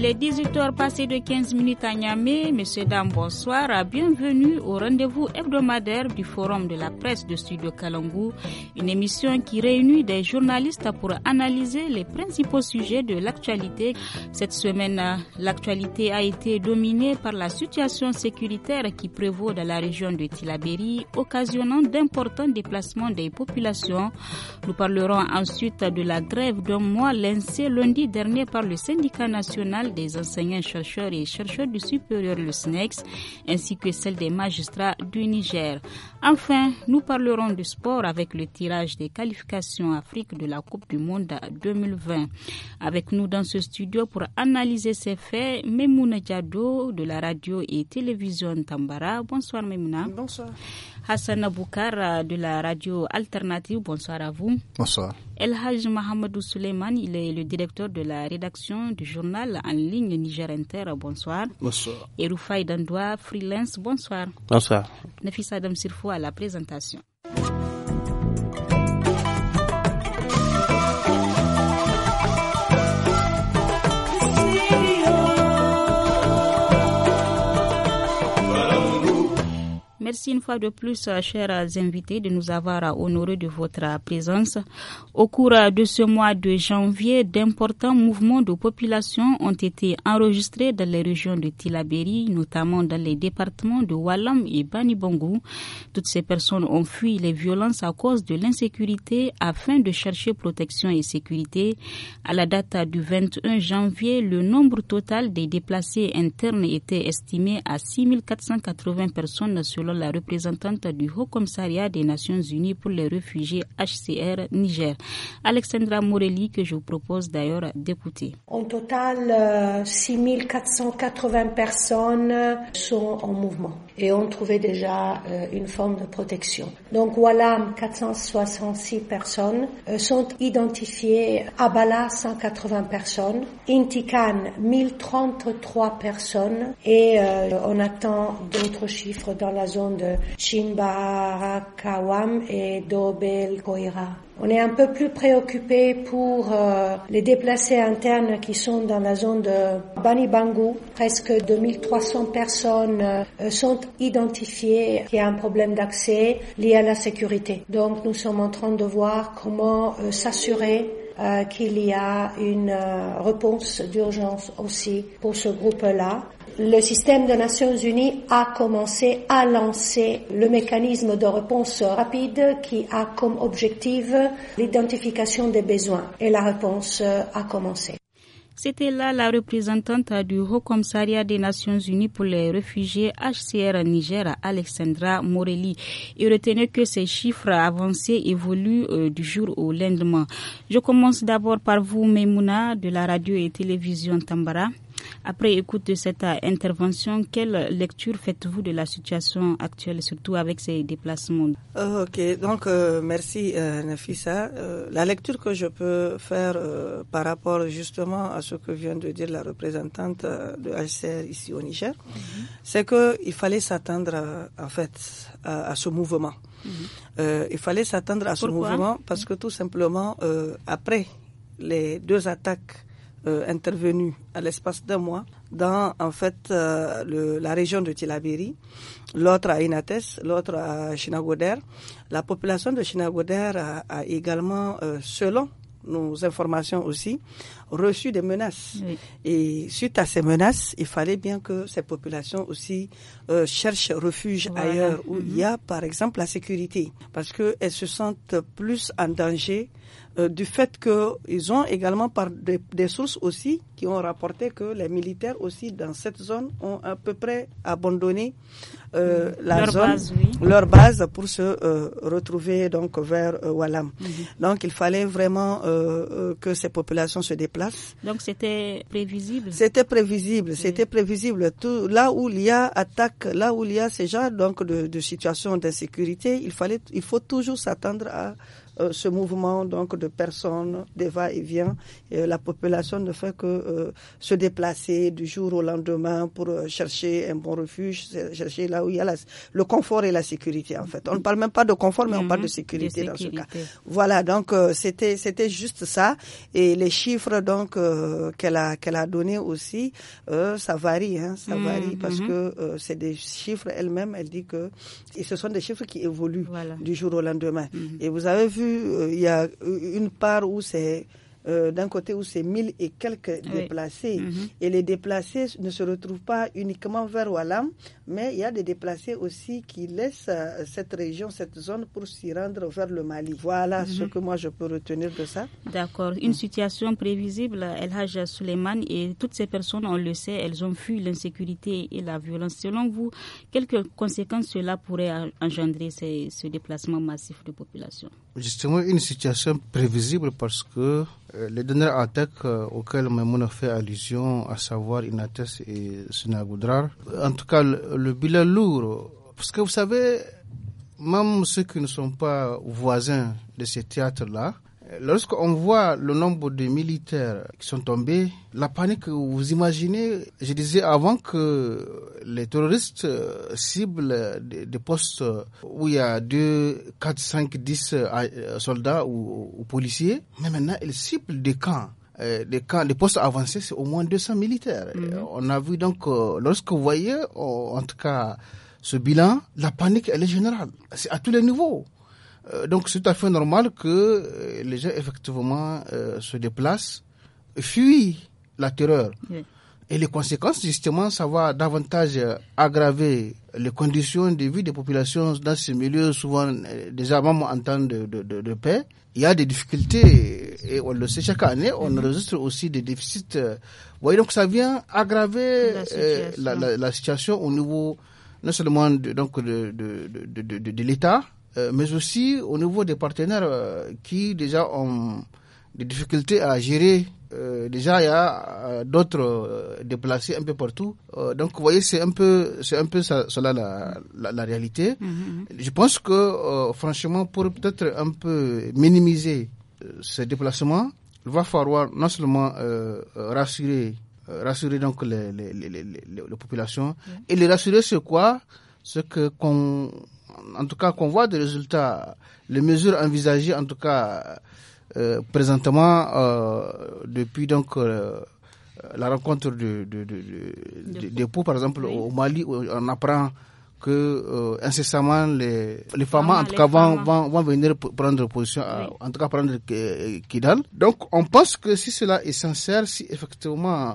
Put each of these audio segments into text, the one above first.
Il est 18h passé de 15 minutes à Niamey. Messieurs, dames, bonsoir. Bienvenue au rendez-vous hebdomadaire du Forum de la presse de Studio Kalangou, une émission qui réunit des journalistes pour analyser les principaux sujets de l'actualité. Cette semaine, l'actualité a été dominée par la situation sécuritaire qui prévaut dans la région de Tilaberi, occasionnant d'importants déplacements des populations. Nous parlerons ensuite de la grève d'un mois lancée lundi dernier par le syndicat national des enseignants chercheurs et chercheurs du supérieur, le SNEX, ainsi que celle des magistrats du Niger. Enfin, nous parlerons du sport avec le tirage des qualifications Afrique de la Coupe du Monde 2020. Avec nous dans ce studio pour analyser ces faits, Memouna Diado de la radio et télévision Tambara. Bonsoir Memouna. Bonsoir. Hassan Aboukar de la radio Alternative. Bonsoir à vous. Bonsoir. El Haj Mohamedou Suleiman, il est le directeur de la rédaction du journal en ligne Niger Inter. Bonsoir. Bonsoir. Et Rufai Dandoua, freelance. Bonsoir. Bonsoir. Nafis Adam Sirfo à la présentation. Merci une fois de plus, euh, chers invités, de nous avoir euh, honorés de votre euh, présence. Au cours de ce mois de janvier, d'importants mouvements de population ont été enregistrés dans les régions de Tilaberi, notamment dans les départements de Wallam et Banibangou. Toutes ces personnes ont fui les violences à cause de l'insécurité afin de chercher protection et sécurité. À la date du 21 janvier, le nombre total des déplacés internes était estimé à 6480 personnes selon la représentante du Haut Commissariat des Nations Unies pour les réfugiés HCR Niger, Alexandra Morelli, que je vous propose d'ailleurs d'écouter. En total, 6480 euh, personnes sont en mouvement et ont trouvé déjà euh, une forme de protection. Donc voilà, 466 personnes euh, sont identifiées, Abala 180 personnes, Intikan 1033 personnes et on attend d'autres chiffres dans la zone de Shinbarakawam et Dobel On est un peu plus préoccupé pour euh, les déplacés internes qui sont dans la zone de Banibangu. Presque 2300 personnes euh, sont identifiées qui a un problème d'accès lié à la sécurité. Donc nous sommes en train de voir comment euh, s'assurer qu'il y a une réponse d'urgence aussi pour ce groupe-là le système des Nations Unies a commencé à lancer le mécanisme de réponse rapide qui a comme objectif l'identification des besoins et la réponse a commencé. C'était là la représentante du Haut Commissariat des Nations Unies pour les réfugiés HCR Niger, Alexandra Morelli. Et retenez que ces chiffres avancés évoluent euh, du jour au lendemain. Je commence d'abord par vous, Memouna, de la radio et télévision Tambara. Après écoute de cette euh, intervention, quelle lecture faites-vous de la situation actuelle, surtout avec ces déplacements euh, Ok, donc euh, merci Nafisa. la lecture que je peux faire par rapport justement à ce que vient de dire la représentante de HCR ici au Niger, mhm. c'est qu'il fallait s'attendre en fait à, ce mouvement. Mhm. il fallait s'attendre à ce mouvement parce que tout simplement, après les deux attaques euh, intervenu à l'espace d'un mois dans en fait euh, la région de Tilabiri, l'autre à Inates, l'autre à Chinagoder. La population de Chinagoder a, également, euh, selon nos informations aussi, reçu des menaces. Et suite à ces menaces, il fallait bien que ces populations aussi euh, cherchent refuge ailleurs où il y a, mhm. par exemple, la sécurité, parce qu'elles se sentent plus en danger euh, du fait qu'ils ont également par des, sources aussi qui ont rapporté que les militaires aussi dans cette zone ont à peu près abandonné euh, mhm. la leur zone, base, leur base pour se retrouver donc vers Walam. Mhm. Donc il fallait vraiment que ces populations se déplacent donc c'était prévisible. C'était prévisible, c'était prévisible. Tout, là où il y a attaque, là où il y a ce genre donc de, de situation d'insécurité, il fallait, il faut toujours s'attendre à euh, ce mouvement donc de personnes, des va-et-vient. Euh, la population ne fait que euh, se déplacer du jour au lendemain pour chercher un bon refuge, chercher là où il y a le confort et la sécurité en fait. On ne parle même pas de confort, mais on parle de mhm. sécurité, dans ce cas. Voilà, donc c'était c'était juste ça. Et les chiffres donc qu'elle a qu'elle a donné aussi, ça varie, hein, ça mhm, varie parce mhm. que c'est des chiffres elle-même. Elle dit que et ce sont des chiffres qui évoluent du jour au lendemain. Et vous avez vu euh, il y a une part où c'est euh, d'un côté où c'est mille et quelques déplacés. Mhm. Et les déplacés ne se retrouvent pas uniquement vers Walam, mais il y a des déplacés aussi qui laissent euh, cette région, cette zone pour s'y rendre vers le Mali. Voilà ce mhm. que moi je peux retenir de ça. D'accord. Une situation prévisible, El Hajj Suleiman, et toutes ces personnes, on le sait, elles ont fui l'insécurité et la violence. Selon vous, quelles conséquences cela pourrait engendrer ce déplacement massif de population justement une situation prévisible parce que euh, les dernières attaques euh, auxquelles auxquelles Maimouna fait allusion, à savoir Inates et Sinagoudrar, en tout cas le, le, bilan lourd, parce que vous savez, même ceux qui ne sont pas voisins de ces théâtre là Lorsqu'on voit le nombre de militaires qui sont tombés, la panique, vous imaginez, je disais avant que les terroristes euh, ciblent des, postes où il y a 2, 4, 5, 10 soldats ou, policiers, mais maintenant ils ciblent des camps euh, des camps, postes avancés, c'est au moins 200 militaires. Mhm. Euh, on a vu donc, lorsque vous voyez, en tout cas, ce bilan, la panique, elle est générale. C'est à tous les niveaux. Euh, donc c'est tout à fait normal que euh, les gens effectivement euh, se déplacent, fuient la terreur. Et les conséquences, justement, ça va davantage aggraver les conditions de vie des populations dans ces milieux, souvent déjà même en temps de, de, de, paix. Il y a des difficultés, et on le sait chaque année, on mhm. enregistre aussi des déficits. voyez, donc ça vient aggraver la situation, au niveau non seulement donc de, de, de, de l'État, euh, mais aussi au niveau des partenaires euh, qui déjà ont des difficultés à gérer. Euh, déjà, il y a d'autres déplacés un peu partout. donc, vous voyez, c'est un peu, c'est un peu cela la, la, réalité. Mmh, mmh, mmh. Je pense que, franchement, pour peut-être un peu minimiser ces déplacements, il va falloir non seulement rassurer rassurer donc les, les, les, les, populations. Et les rassurer, sur quoi C'est que en tout cas qu'on voit des résultats, les mesures envisagées en tout cas euh, présentement euh, depuis donc euh, la rencontre de, de, par exemple au Mali on apprend que incessamment les, les femmes en tout cas vont, venir prendre position, en tout cas prendre Kidal. Donc on pense que si cela est sincère, si effectivement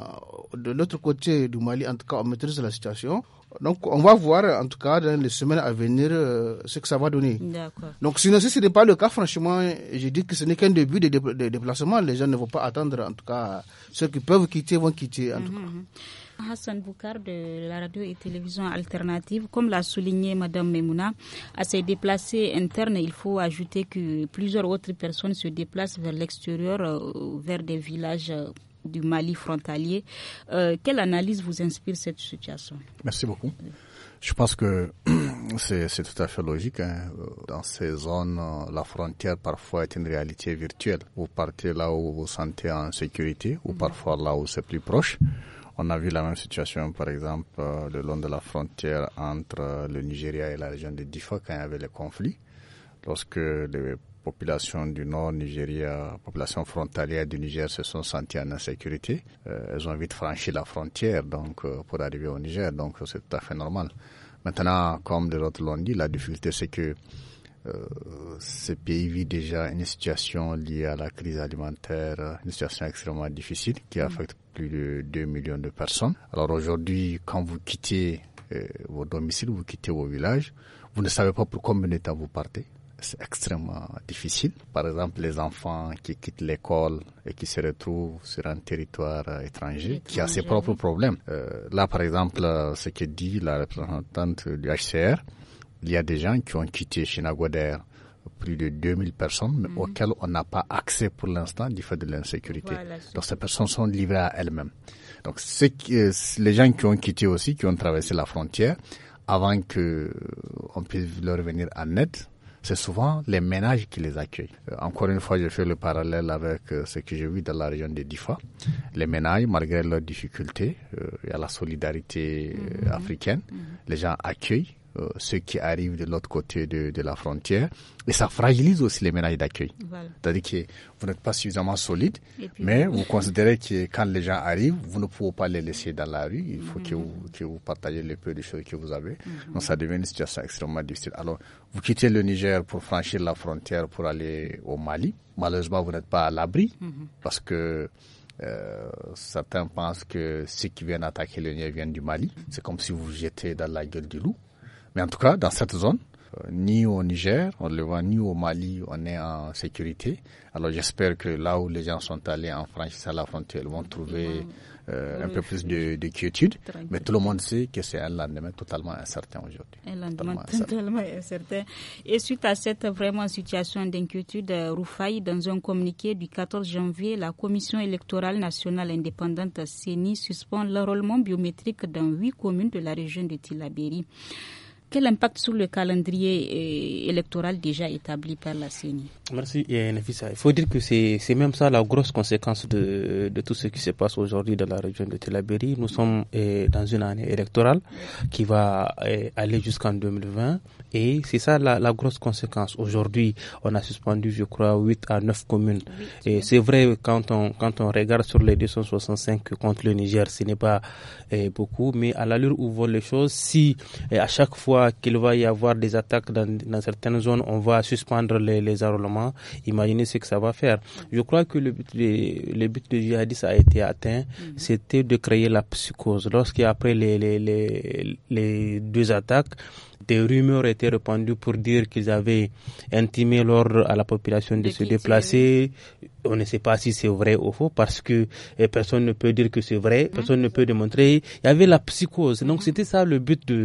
de l'autre côté du Mali en tout cas on maîtrise la situation, donc, on va voir, en tout cas, dans les semaines à venir, euh, ce que ça va donner. Donc, sinon, si ce n'est pas le cas, franchement, je dis que ce n'est qu'un début de, déplacement. Les gens ne vont pas attendre, en tout cas. Ceux qui peuvent quitter vont quitter, en tout cas. Mm-hmm, mm-hmm. Hassan Boukar de la radio et télévision alternative, comme l'a souligné Madame Memouna, à ces déplacés internes, il faut ajouter que plusieurs autres personnes se déplacent vers l'extérieur, euh, vers des villages euh, du Mali frontalier. Euh, quelle analyse vous inspire cette situation Merci beaucoup. Je pense que c'est tout à fait logique. Hein. Dans ces zones, euh, la frontière parfois est une réalité virtuelle. Vous partez là où vous vous sentez en sécurité ou mm-hmm. parfois là où c'est plus proche. On a vu la même situation, par exemple, euh, le long de la frontière entre le Nigeria et la région de Difa quand il y avait les conflits. Lorsque les population du nord Nigeria, population frontalière du Niger se sont senties en insécurité. Euh, elles ont vite franchi la frontière donc euh, pour arriver au Niger, donc c'est tout à fait normal. Maintenant, comme les l'ont dit, la difficulté c'est que euh, ce pays vit déjà une situation liée à la crise alimentaire, une situation extrêmement difficile qui mm. affecte plus de 2 millions de personnes. Alors aujourd'hui, quand vous quittez vos domiciles, vous quittez vos villages, vous ne savez pas pour combien de temps vous partez c'est extrêmement difficile. Par exemple, les enfants qui quittent l'école et qui se retrouvent sur un territoire euh, étranger qui a ses propres problèmes. Euh, là, par exemple, euh, ce que dit la représentante du HCR, il y a des gens qui ont quitté Chinagoder plus de 2000 personnes mais mhm. auxquelles on n'a pas accès pour l'instant du fait de l'insécurité. Donc ces personnes sont livrées à elles-mêmes. Donc les gens qui ont quitté aussi, qui ont traversé la frontière, avant que on puisse leur venir en aide, c'est souvent les ménages qui les accueillent. Euh, encore une fois, je fais le parallèle avec euh, ce que j'ai vu dans la région de Difa. Les ménages, malgré leurs difficultés, euh, il y a la solidarité mhm. africaine. Mhm. Les gens accueillent euh, ceux qui arrivent de l'autre côté de, de, la frontière. Et ça fragilise aussi les ménages d'accueil. C'est-à-dire que vous n'êtes pas suffisamment solide, mais vous considérez que quand les gens arrivent, vous ne pouvez pas les laisser dans la rue. Il faut que, mhm. vous, que vous partagez le peu de choses que vous avez. Mhm. Donc ça devient une situation extrêmement difficile. Alors, vous quittez le Niger pour franchir la frontière pour aller au Mali. Malheureusement, vous n'êtes pas à l'abri mhm. parce que euh, certains pensent que ceux qui viennent attaquer le Niger viennent du Mali. C'est comme si vous vous jetez dans la gueule du loup. Mais en tout cas, dans cette zone, euh, ni au Niger, on le voit, ni au Mali, on est en sécurité. Alors j'espère que là où les gens sont allés en franchissant la frontière, ils vont trouver euh, un peu plus de, de quiétude. Mais tout le monde sait que c'est un lendemain totalement incertain aujourd'hui. Un lendemain totalement, incertain. Et suite à cette vraiment situation d'inquiétude, euh, Roufaï, dans un communiqué du 14 janvier, la Commission électorale nationale indépendante CENI suspend l'enrôlement biométrique dans huit communes de la région de Tilabéry quel impact sur le calendrier euh, électoral déjà établi par la CENI Merci eh, Nafisa. Il faut dire que c'est même ça la grosse conséquence de, tout ce qui se passe aujourd'hui dans la région de Telabéry. Nous sommes eh, dans une année électorale qui va eh, aller jusqu'en 2020 et c'est ça la, grosse conséquence. Aujourd'hui, on a suspendu, je crois, 8 à 9 communes. Et c'est vrai, quand on, quand on regarde sur les 265 contre le Niger, ce n'est pas beaucoup, mais à l'allure où vont les choses, si à chaque fois qu'il va y avoir des attaques dans, certaines zones, on va suspendre les, les, Imaginez ce que ça va faire. Je crois que le but, de, le du djihadiste a été atteint, mm-hmm. c'était de créer la psychose. Lorsqu'après les, les, les, deux attaques, des rumeurs étaient répandues pour dire qu'ils avaient intimé l'ordre à la population de se déplacer, on ne sait pas si c'est vrai ou faux parce que eh, personne ne peut dire que c'est vrai, mhm. personne ne peut démontrer. Il y avait la psychose. Donc mhm. c'était ça le but de,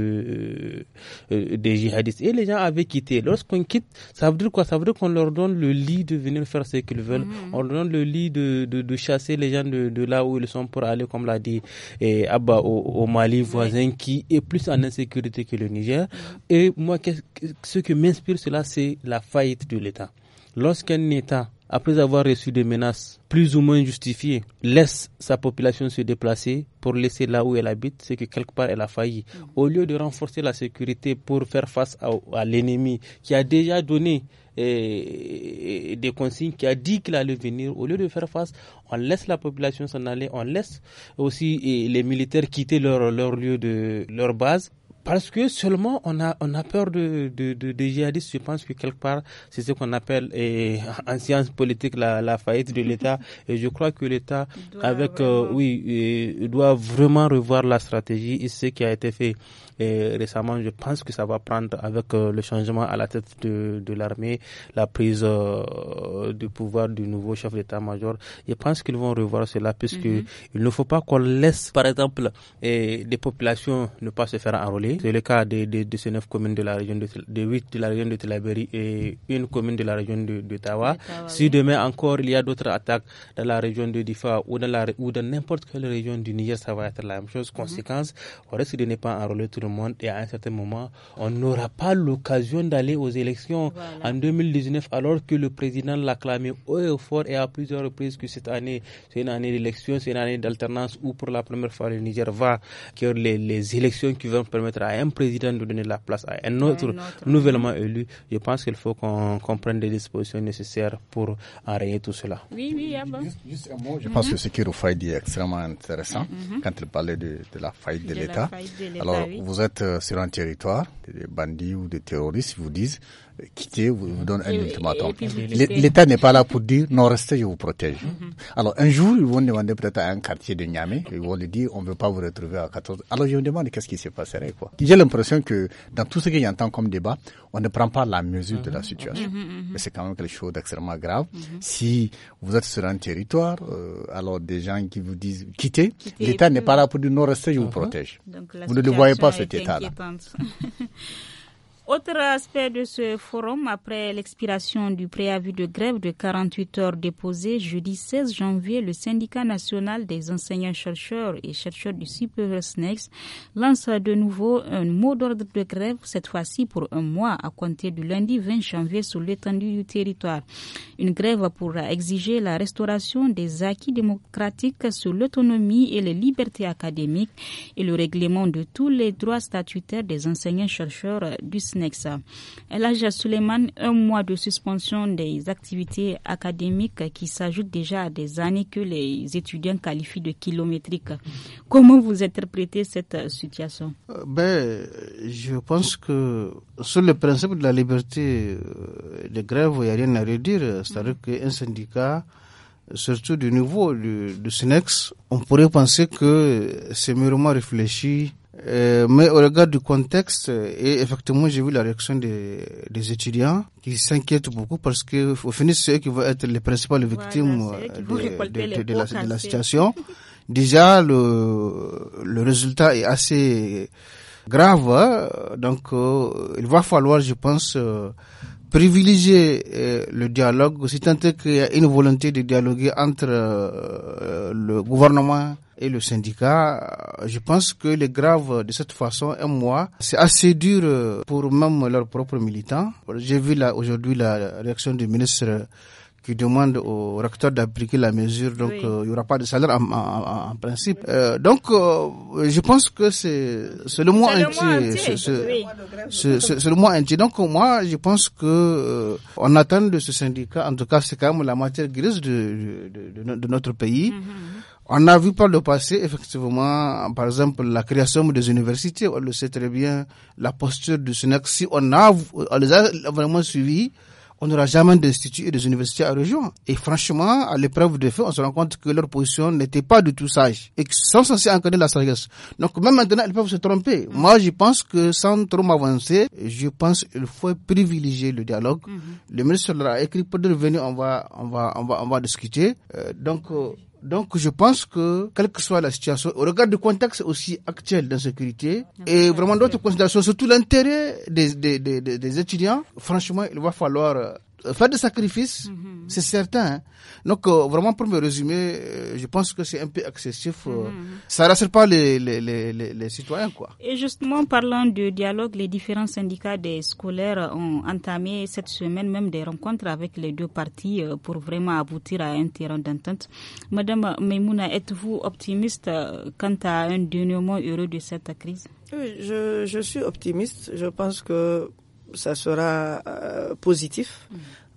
euh, euh, des djihadistes. Et les gens avaient quitté. Mhm. Lorsqu'on quitte, ça veut dire quoi Ça veut dire qu'on leur donne le lit de venir faire ce qu'ils veulent. On leur donne le lit de, de, chasser les gens de, là où ils sont pour aller, comme l'a dit eh, Abba, au, au Mali voisin qui est plus en insécurité que le Niger. Et moi, -ce, ce que m'inspire cela, c'est la faillite de l'État. Lorsqu'un État après avoir reçu des menaces plus ou moins justifiées, laisse sa population se déplacer pour laisser là où elle habite, c'est que quelque part elle a failli. Mm. Au lieu de renforcer la sécurité pour faire face à, l'ennemi qui a déjà donné eh, eh, des consignes, qui a dit qu'il allait venir, au lieu de faire face, on laisse la population s'en aller, on laisse aussi eh, les militaires quitter leur, leur lieu de leur base parce que seulement on a, on a peur de, de, de, des djihadistes. Je pense que quelque part, c'est ce qu'on appelle eh, en science politique la, faillite de l'État. Et je crois que l'État, avec, euh, oui, eh, doit vraiment revoir la stratégie et ce qui a été fait eh, récemment. Je pense que ça va prendre avec euh, le changement à la tête de, de l'armée, la prise euh, du pouvoir du nouveau chef d'État-major. Je pense qu'ils vont revoir cela puisque mhm. il ne faut pas qu'on laisse, par exemple, des populations ne pas se faire enrôler c'est le cas de, ces neuf communes de la région de, de de la région de et une commune de la région de, Tawa. Si demain encore il y a d'autres attaques dans la région de Difa ou dans la ou dans n'importe quelle région du Niger, ça va être la même chose. Conséquence, mhm. on risque de ne pas enrôler tout le monde et à un certain moment, on n'aura pas l'occasion d'aller aux élections en 2019 alors que le président l'a clamé haut et fort et à plusieurs reprises que cette année, c'est une année d'élection, c'est une année d'alternance où pour la première fois le Niger va que les, les élections qui vont permettre à à un président de donner la place à un autre, nouvellement élu, je pense qu'il faut qu'on comprenne prenne des dispositions nécessaires pour enrayer tout cela. Oui, oui, ah juste, un mot, je mm-hmm. pense que ce que Rufai dit est extrêmement intéressant mm-hmm. quand il parlait de, la faillite de, l'État. Alors, vous êtes euh, sur un territoire, des bandits ou des terroristes vous disent quitter, vous, vous donne un ultimatum. L'État n'est pas là pour dire non, restez, je vous protège. Mhm. Alors un jour, ils vont demander peut-être à un quartier de Niamey, ils vont lui dire on ne veut pas vous retrouver à 14. Alors je me demande qu'est-ce qui se passerait. quoi. J'ai l'impression que dans tout ce en tant comme débat, on ne prend pas la mesure de la mhm. situation. Mhm, Mais c'est quand même quelque chose d'extrêmement grave. Si vous êtes sur un territoire, euh, alors des gens qui vous disent quittez, l'État n'est pas là pour dire non, restez, je vous protège. vous ne le voyez pas cet État-là. Autre aspect de ce forum, après l'expiration du préavis de grève de 48 heures déposé jeudi 16 janvier, le syndicat national des enseignants-chercheurs et chercheurs du super SNEX lance de nouveau un mot d'ordre de grève, cette fois-ci pour un mois à compter du lundi 20 janvier sur l'étendue du territoire. Une grève pour exiger la restauration des acquis démocratiques sur l'autonomie et les libertés académiques et le règlement de tous les droits statutaires des enseignants-chercheurs du SNEX. SNEX. Elage Suleiman, un mois de suspension des activités académiques qui s'ajoute déjà à des années que les étudiants qualifient de kilométriques. Comment vous interprétez cette situation euh, ben, Je pense que sur le principe de la liberté euh, de grève, il n'y a rien à redire. C'est-à-dire mm-hmm. qu'un syndicat surtout du niveau du, du SINEX, on pourrait penser que c'est mûrement réfléchi euh, mais au regard du contexte, et effectivement, j'ai vu la réaction des, des étudiants qui s'inquiètent beaucoup parce que, au final, c'est eux qui vont être les principales victimes euh, de, de, la, de, la, situation. Déjà, le, le résultat est assez grave, hein. donc euh, il va falloir, je pense, privilégier le dialogue, si tant est qu'il y a une volonté de dialoguer entre le gouvernement et le syndicat, euh, je pense que les graves de cette façon, un mois, c'est assez dur euh, pour même leurs propres militants. J'ai vu là aujourd'hui la réaction du ministre qui demande au recteur d'appliquer la mesure, donc euh, il n'y aura pas de salaire en, principe. donc, je pense que c'est le mois entier, c'est le mois entier. Donc moi, je pense que on attend de ce syndicat, en tout cas, c'est quand même la matière grise de de, de, notre pays. Mhm. On a vu par le passé, effectivement, par exemple, la création des universités, on le sait très bien, la posture du Sénèque, si on, a, on les a vraiment suivis, on n'aura jamais d'instituts et des universités à région. Et franchement, à l'épreuve de fait, on se rend compte que leur position n'était pas du tout sage et qu'ils sont censés encadrer la sagesse. Donc même maintenant, ils peuvent se tromper. Moi, je pense que sans trop m'avancer, je pense qu'il faut privilégier le dialogue. Mhm. Le ministre l'a écrit pour dire on va, on va, on va, on va discuter. Euh, donc, euh, donc je pense que, quelle que soit la situation, au regard du contexte aussi actuel d'insécurité et vraiment d'autres considérations, surtout l'intérêt des, des, des, étudiants, franchement, il va falloir euh, euh, faire des sacrifices, mhm. c'est certain. Hein. Donc, euh, vraiment, pour me résumer, euh, je pense que c'est un peu excessif. Mhm. Ça ne rassure pas les, les, les, citoyens, quoi. Et justement, parlant de dialogue, les différents syndicats des scolaires ont entamé cette semaine même des rencontres avec les deux parties pour vraiment aboutir à un terrain d'entente. Madame Memouna, êtes-vous optimiste quant à un dénouement heureux de cette crise oui, je, je suis optimiste. Je pense que ça sera euh, positif. Mm-hmm.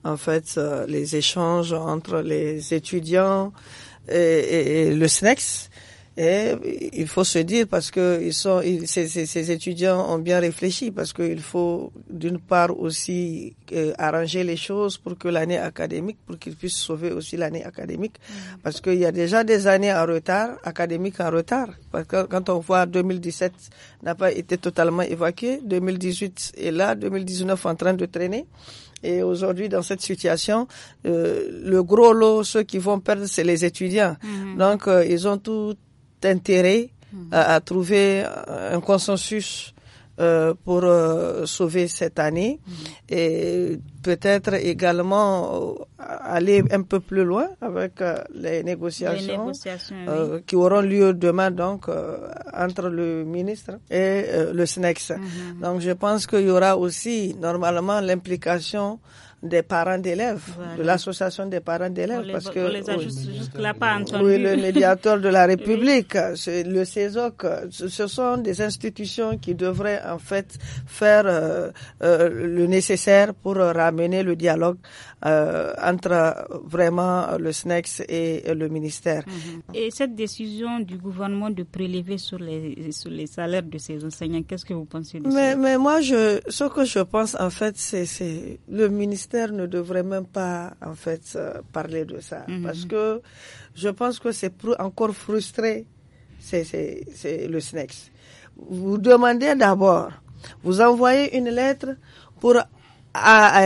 En fait, euh, les échanges entre les étudiants et, et le SNEX et il faut se dire parce que ils sont, ces, ces, ces, étudiants ont bien réfléchi parce qu'il faut d'une part aussi euh, arranger les choses pour que l'année académique, pour qu'ils puissent sauver aussi l'année académique, mm. parce qu'il y a déjà des années en retard, académiques en retard. Parce que quand on voit 2017 n'a pas été totalement évoqué 2018 est là, 2019 en train de traîner. Et aujourd'hui, dans cette situation, euh, le gros lot, ceux qui vont perdre, c'est les étudiants. Mm. Donc, euh, ils ont tout intérêt mhm. euh, à, trouver euh, un consensus euh, pour sauver cette année mhm. et peut-être également aller un peu plus loin avec les négociations, qui auront lieu demain donc entre le ministre et le SNEX. Mhm. Donc je pense qu'il y aura aussi normalement l'implication des parents d'élèves, de l'association des parents d'élèves, parce que oui, le médiateur de la République, c'est le CESOC, ce sont des institutions qui devraient en fait faire euh, euh, le nécessaire pour ramener le dialogue euh, entre vraiment le SNEX et le ministère. Mhm. Et cette décision du gouvernement de prélever sur les sur les salaires de ces enseignants, qu'est-ce que vous pensez de mais, ça Mais moi, je, ce que je pense en fait, c'est le ministère ne devrait même pas, en fait, euh, parler de ça. Mhm. Parce que je pense que c'est encore frustré, c'est le SNEX. Vous demandez d'abord, vous envoyez une lettre pour à,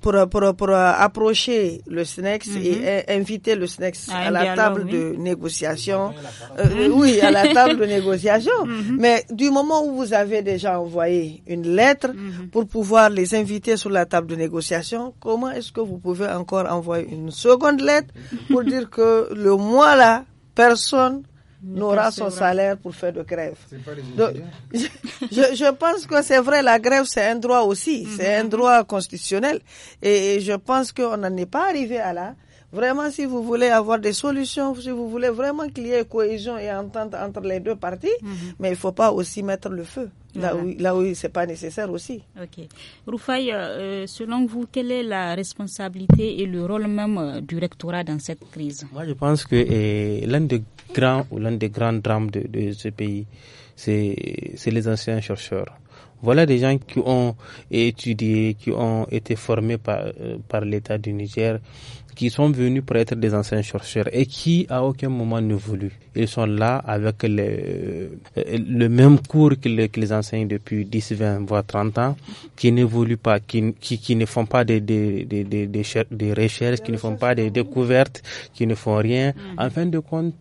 pour, pour, pour, approcher le SNEX et mhm. inviter le SNEX à, la table de négociation. oui, à la table de négociation. Mais du moment où vous avez déjà envoyé une lettre mhm. pour pouvoir les inviter sur la table de négociation, comment est-ce que vous pouvez encore envoyer une seconde lettre pour dire que le mois là, personne n'aura son hein. salaire pour faire de grève. je, pense que c'est vrai, la grève c'est un droit aussi, c'est mhm. un droit constitutionnel. Et, et je pense qu'on n'en est pas arrivé à là. Vraiment, si vous voulez avoir des solutions, si vous voulez vraiment qu'il y ait cohésion et entente entre les deux parties, mhm. mais il ne faut pas aussi mettre le feu là où, là où ce n'est pas nécessaire aussi. Ok. Roufaï, euh, euh, selon vous, quelle est la responsabilité et le rôle même euh, du rectorat dans cette crise Moi, je pense que l'un des grands ou l'un des grands drames de, ce pays, c'est les anciens chercheurs. Voilà des gens qui ont étudié, qui ont été formés par, par l'État du Niger, qui sont venus pour être des anciens chercheurs et qui à aucun moment ne voulu. Ils sont là avec les, euh, le même cours que les, que depuis 10, 20, voire 30 ans, qui n'évoluent pas, qui, qui, ne font pas des, des, des, des, des recherches, qui ne font pas des découvertes, qui ne font rien. Mm. En fin de compte,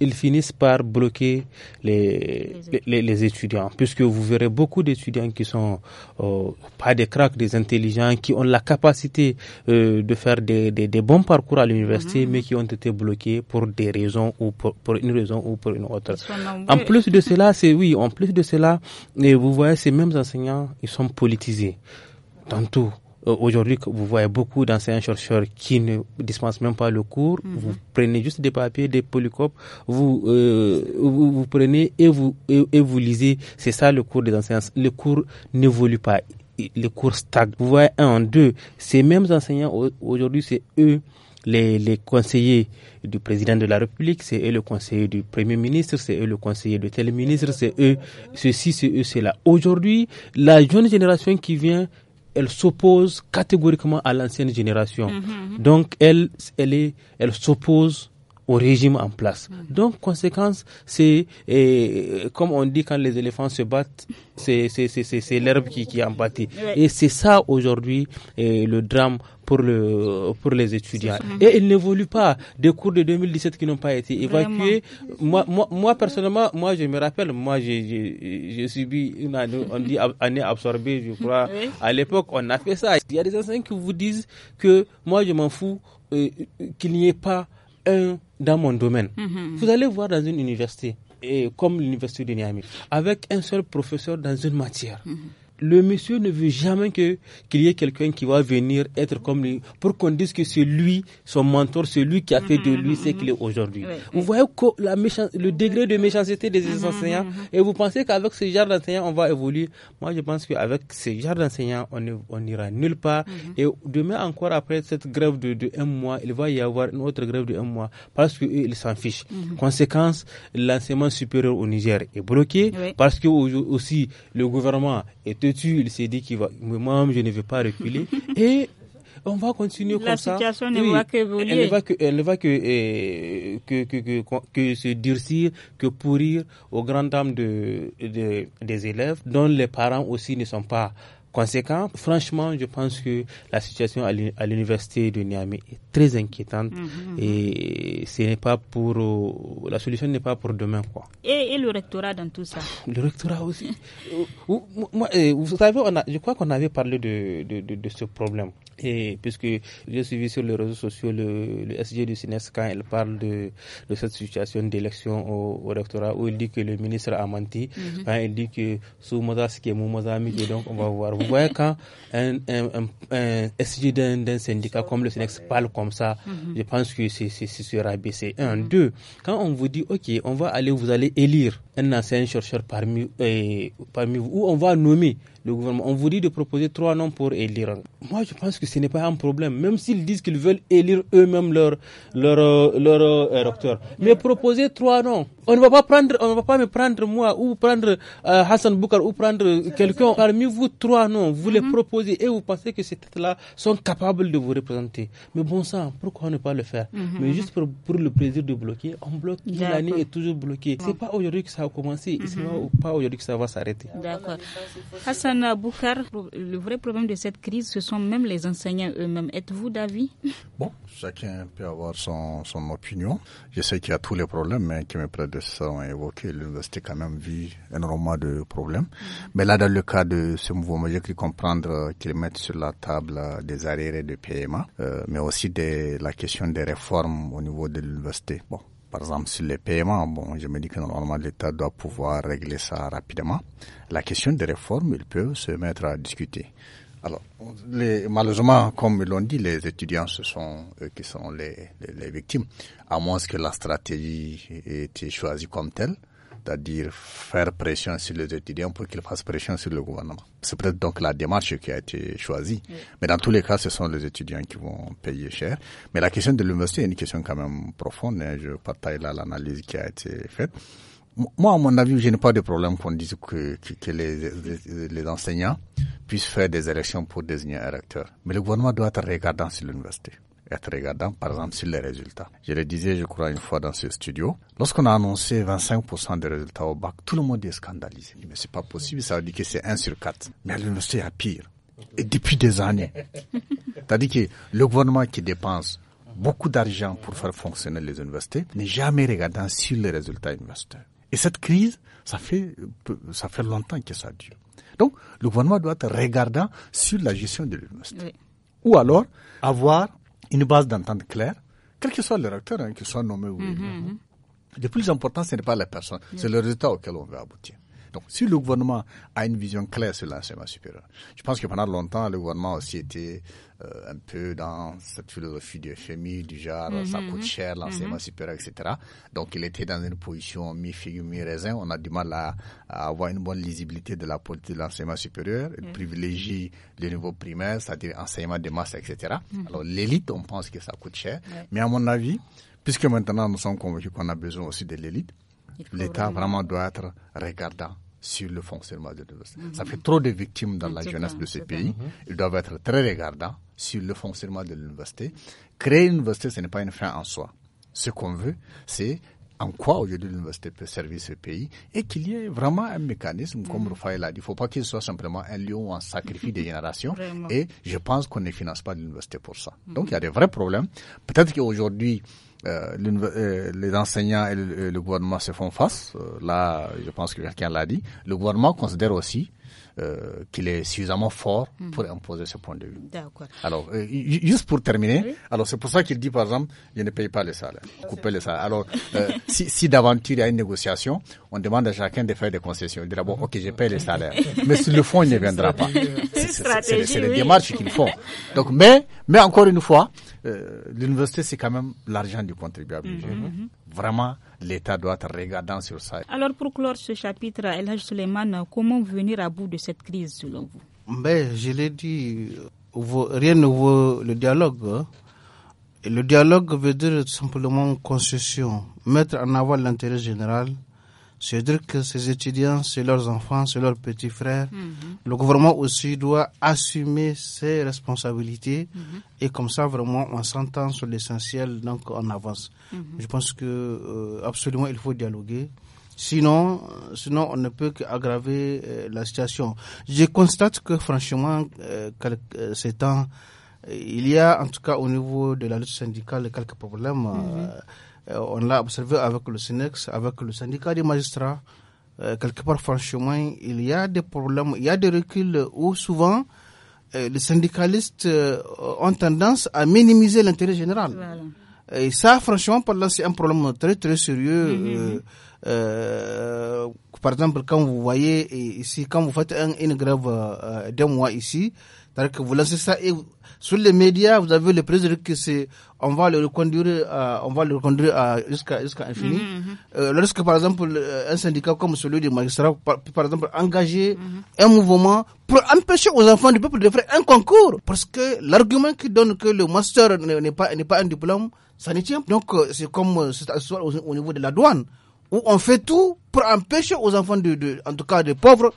ils finissent par bloquer les, les, étudiants, puisque vous verrez beaucoup d'étudiants qui sont euh, pas des cracks, des intelligents, qui ont la capacité euh, de faire des, des, bons parcours à l'université, mhm. mais qui ont été bloqués pour des raisons ou pour, une raison ou pour une autre. En plus de cela, c'est oui, en plus de cela, et vous voyez ces mêmes enseignants, ils sont politisés dans tout. Euh, aujourd'hui, vous voyez beaucoup d'enseignants-chercheurs qui ne dispensent même pas le cours. Mhm. Vous prenez juste des papiers, des polycopes, vous, euh, vous, prenez et vous, et, vous lisez. C'est ça le cours des enseignants. Le cours n'évolue pas. Le cours stagne. Vous voyez un, deux. Ces mêmes enseignants, aujourd'hui, c'est eux les, les, conseillers du président de la République, c'est eux le conseiller du premier ministre, c'est eux le conseiller de tel ministre, c'est eux ceci, c'est eux cela. Aujourd'hui, la jeune génération qui vient elle s'oppose catégoriquement à l'ancienne génération. Mhm, mhm. Donc, elle, elle, est, elle s'oppose au régime en place. Mm. Donc, conséquence, c'est comme on dit quand les éléphants se battent, c'est l'herbe qui, qui en bâtit. Et c'est ça aujourd'hui le drame pour, le, pour les étudiants. Et ils n'évolue pas des cours de 2017 qui n'ont pas été évacués. Moi, mm. moi, moi, personnellement, moi, je me rappelle, moi, j'ai subi une année, on dit année absorbée, je crois. À l'époque, on a fait ça. Il y a des enseignants qui vous disent que moi, je m'en fous euh, qu'il n'y ait pas un dans mon domaine, mm-hmm. vous allez voir dans une université, et comme l'université de Niamey, avec un seul professeur dans une matière. Mm-hmm le monsieur ne veut jamais que qu'il y ait quelqu'un qui va venir être comme lui pour qu'on dise que c'est lui son mentor, celui qui a fait de mhm, lui ce mhm, qu'il est aujourd'hui. vous voyez la le degré de méchanceté des mhm, enseignants et vous pensez qu'avec ce genre d'enseignants on va évoluer. Moi je pense qu'avec ce genre d'enseignants on n'ira nulle part et demain encore après cette grève de, un mois il va y avoir une autre grève de un mois parce qu'ils s'en fichent. Conséquence l'enseignement supérieur au Niger est bloqué parce que aussi le gouvernement est il s'est dit qu'il va, moi, je ne vais pas reculer. et on va continuer comme ça. La situation ne va qu'évoluer. Elle ne va euh, que, que, se durcir, que pourrir aux grandes âmes de, des élèves, dont les parents aussi ne sont pas Conséquent, franchement, je pense que la situation à l'université de Niamey est très inquiétante mhm, mhm. et ce n'est pas pour euh, la solution n'est pas pour demain quoi. Et, le rectorat dans tout ça. Le rectorat aussi. Euh, euh, vous, savez, on a, je crois qu'on avait parlé de, ce problème et puisque j'ai suivi sur les réseaux sociaux le, SG du CNES quand elle parle de, cette situation d'élection au, rectorat où il dit que le ministre a menti mhm. quand il dit que sous Moza, ce qui est mon donc on va voir vous voyez, quand un, un, d'un syndicat comme le SNEX parle comme ça, mhm. je pense que c'est sur abc Un, deux, quand on vous dit, OK, on va aller, vous allez élire un ancien chercheur parmi, euh, parmi vous, ou on va nommer le gouvernement, on vous dit de proposer trois noms pour élire. Moi, je pense que ce n'est pas un problème, même s'ils disent qu'ils veulent élire eux-mêmes leur, leur, euh, leur, euh, Mais proposer trois noms, on ne va pas prendre, on va pas me prendre moi ou prendre euh, Hassan Boukar ou prendre quelqu'un parmi vous trois. noms. vous les mhm. proposez et vous pensez que ces têtes-là sont capables de vous représenter. Mais bon sang, pourquoi ne pas le faire mhm. Mais juste pour, le plaisir de bloquer, on bloque. L'année est toujours bloquée. C'est pas aujourd'hui que ça a commencé. Mm -hmm. pas aujourd'hui que ça va s'arrêter. D'accord. Hassan Boukar, le vrai problème de cette crise, ce sont même les enseignants eux-mêmes. Êtes-vous d'avis Bon, chacun peut avoir son, son opinion. Je sais qu'il y a tous les problèmes mais hein, qui me de ça ont évoqué, l'université quand même vit énormément de problèmes. Mais là, dans le cas de ce mouvement, j'ai cru comprendre qu'ils mettent sur la table des arriérés de paiement, euh, mais aussi de la question des réformes au niveau de l'université. Bon, par exemple sur les paiements, bon, je me dis que normalement l'État doit pouvoir régler ça rapidement. La question des réformes, il peut se mettre à discuter. Alors, les, malheureusement, comme l'ont dit, les étudiants, ce sont eux qui sont les, les, victimes, à moins que la stratégie ait été choisie comme telle, c'est-à-dire faire pression sur les étudiants pour qu'ils fassent pression sur le gouvernement. C'est peut-être donc la démarche qui a été choisie. Mais dans tous les cas, ce sont les étudiants qui vont payer cher. Mais la question de l'université est une question quand même profonde. Hein. Je partage là l'analyse qui a été faite moi, à mon avis, je n'ai pas de problème qu'on dise que, les, enseignants puissent faire des élections pour désigner un recteur. Mais le gouvernement doit être regardant sur l'université, être regardant, par exemple, sur les résultats. Je le disais, je crois, une fois dans ce studio, lorsqu'on a annoncé 25% des résultats au bac, tout le monde est scandalisé. Mais c'est pas possible, ça veut dire que c'est 1 sur 4. Mais à l'université, a pire. Et depuis des années. C'est-à-dire que le gouvernement qui dépense beaucoup d'argent pour faire fonctionner les universités n'est jamais regardant sur les résultats universitaires. Et cette crise, ça fait, ça fait longtemps que ça dure. Donc, le gouvernement doit être regardant sur la gestion de l'université. Ou alors, avoir une base d'entente claire, quel que soit le recteur, hein, qu'il soit nommé ou mhm, élu. Le hein. mhm. plus important, ce n'est pas la personne, c'est le résultat auquel on veut aboutir. Donc, si le gouvernement a une vision claire sur l'enseignement supérieur, je pense que pendant longtemps, le gouvernement aussi était euh, un peu dans cette philosophie du FMI, du genre mm-hmm. ça coûte cher, l'enseignement mm-hmm. supérieur, etc. Donc, il était dans une position mi-figure, mi-raisin. On a du mal à, avoir une bonne lisibilité de la politique de l'enseignement supérieur. Il mm. privilégie le niveau primaire, c'est-à-dire enseignement de masse, etc. Mm-hmm. Alors, l'élite, on pense que ça coûte cher. Mais à mon avis, puisque maintenant nous sommes convaincus qu'on a besoin aussi de l'élite, l'État vraiment doit être regardant sur le fonctionnement de l'université. Mhm. Ça fait trop de victimes dans la jeunesse de ce pays. Ils doivent être très regardants sur le fonctionnement de l'université. Créer une université, ce n'est pas une fin en soi. Ce qu'on veut, c'est en quoi aujourd'hui l'université peut servir ce pays et qu'il y ait vraiment un mécanisme, comme mhm. Rufail l'a dit. Il ne faut pas qu'il soit simplement un lion où on sacrifie des générations. et je pense qu'on ne finance pas l'université pour ça. Mhm. Donc il y a des vrais problèmes. Peut-être qu'aujourd'hui, euh, euh, les enseignants et le, gouvernement se font face. Euh, là, je pense que quelqu'un l'a dit. Le gouvernement considère aussi euh, qu'il est suffisamment fort mhm. pour imposer ce point de vue. D'accord. Alors, euh, juste pour terminer, alors c'est pour ça qu'il dit par exemple, je ne paye pas les salaires, ah, couper les salaires. Alors, euh, si, si d'aventure il y a une négociation, on demande à chacun de faire des concessions. Il dit d'abord, ok, je paye les salaires, mais sur le fond, il ne viendra pas. C'est les démarches qu'ils font. Donc, mais, mais encore une fois, l'université c'est quand même l'argent du contribuable. Mhm. Vraiment l'État doit être regardant sur ça. Alors pour clore ce chapitre, Elhaj Suleiman, comment venir à bout de cette crise selon vous ben, Je l'ai dit, rien ne vaut le dialogue. Hein. Le dialogue veut dire simplement concession, mettre en avant l'intérêt général c'est-à-dire que ces étudiants, c'est leurs enfants, c'est leurs petits frères. Mhm. Le gouvernement aussi doit assumer ses responsabilités mhm. et comme ça, vraiment, on s'entend sur l'essentiel, donc on avance. Mhm. Je pense que euh, absolument, il faut dialoguer. Sinon, euh, sinon on ne peut qu'aggraver euh, la situation. Je constate que franchement, ces temps, il y a en tout cas au niveau de la lutte syndicale quelques problèmes. Euh, on l'a observé avec le SINEX, avec le syndicat des magistrats. Euh, quelque part, franchement, il y a des problèmes, il y a des reculs où souvent euh, les syndicalistes ont tendance à minimiser l'intérêt général. Et ça, franchement, pour là, c'est un problème très, très sérieux. Mm-hmm. par exemple, quand vous voyez ici, quand vous faites un, une grève d'un mois ici, que vous lancez ça et sur les médias, vous avez le président qui c'est, on va le reconduire, euh, on va le reconduire à, euh, jusqu'à, jusqu'à infini. Mm-hmm, mm-hmm. Euh, lorsque, par exemple, un syndicat comme celui des magistrats par, exemple, engager mm-hmm. un mouvement pour empêcher aux enfants du peuple de faire un concours. Parce que l'argument qui donne que le master n'est pas, n'est pas un diplôme, ça ne tient Donc, c'est comme, c'est au, au niveau de la douane où on fait tout pour empêcher aux enfants de, de en tout cas des pauvres